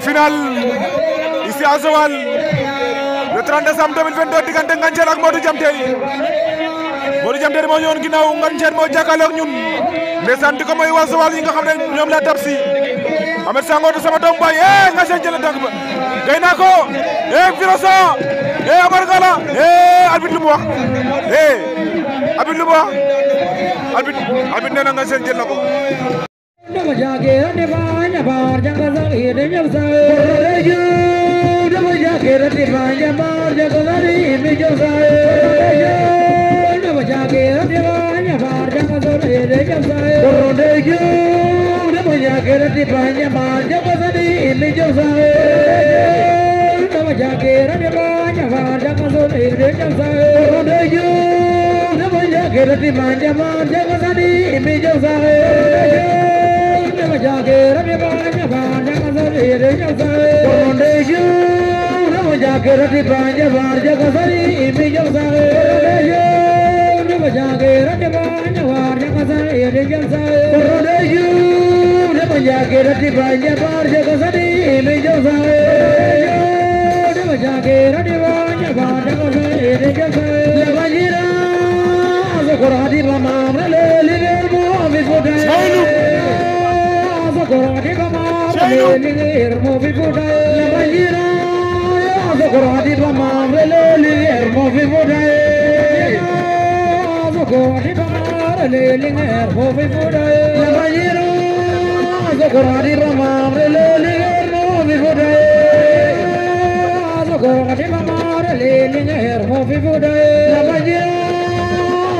final isi azwal Joal le 30 décembre 2022 diggante Nganthierre ak Modou Diam Terry Modou Diam mo moo ñëwoon ginnaaw mo moo ak ñun ndeysaan sant ko moy waa yi nga xam ñom la tapsi si Ahmed sama dom baay eh nga Nganthierre jël tànk ba gayna ko eh Firoso eh Amar gala eh arbitre lu mu wax eh arbitre lu mu wax arbitre arbitre nee na Nganthierre jël na ma ja ke ra ne ba nya ba ja ka जाके रटी पांच बार जग सरी इमी जग सारे जाके रटी पांच बार जग सरी Kuradi bamar leli hermofi budai,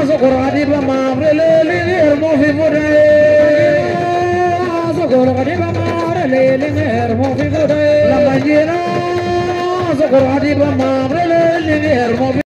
sokoradi bamar Ley de la